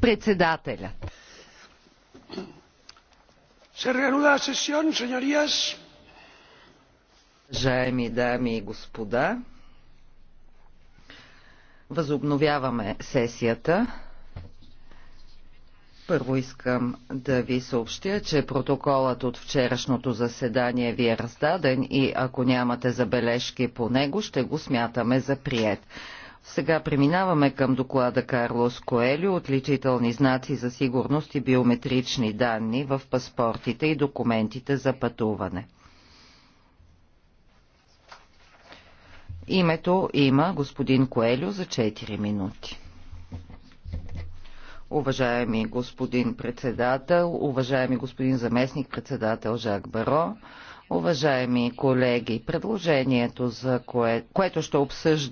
Председателят. Уважаеми дами и господа, възобновяваме сесията. Първо искам да ви съобщя, че протоколът от вчерашното заседание ви е раздаден и ако нямате забележки по него, ще го смятаме за прият. Сега преминаваме към доклада Карлос Коелю, отличителни знаци за сигурност и биометрични данни в паспортите и документите за пътуване. Името има господин Коелю за 4 минути. Уважаеми господин председател, уважаеми господин заместник председател Жак Баро, уважаеми колеги, предложението, за кое, което ще обсъжда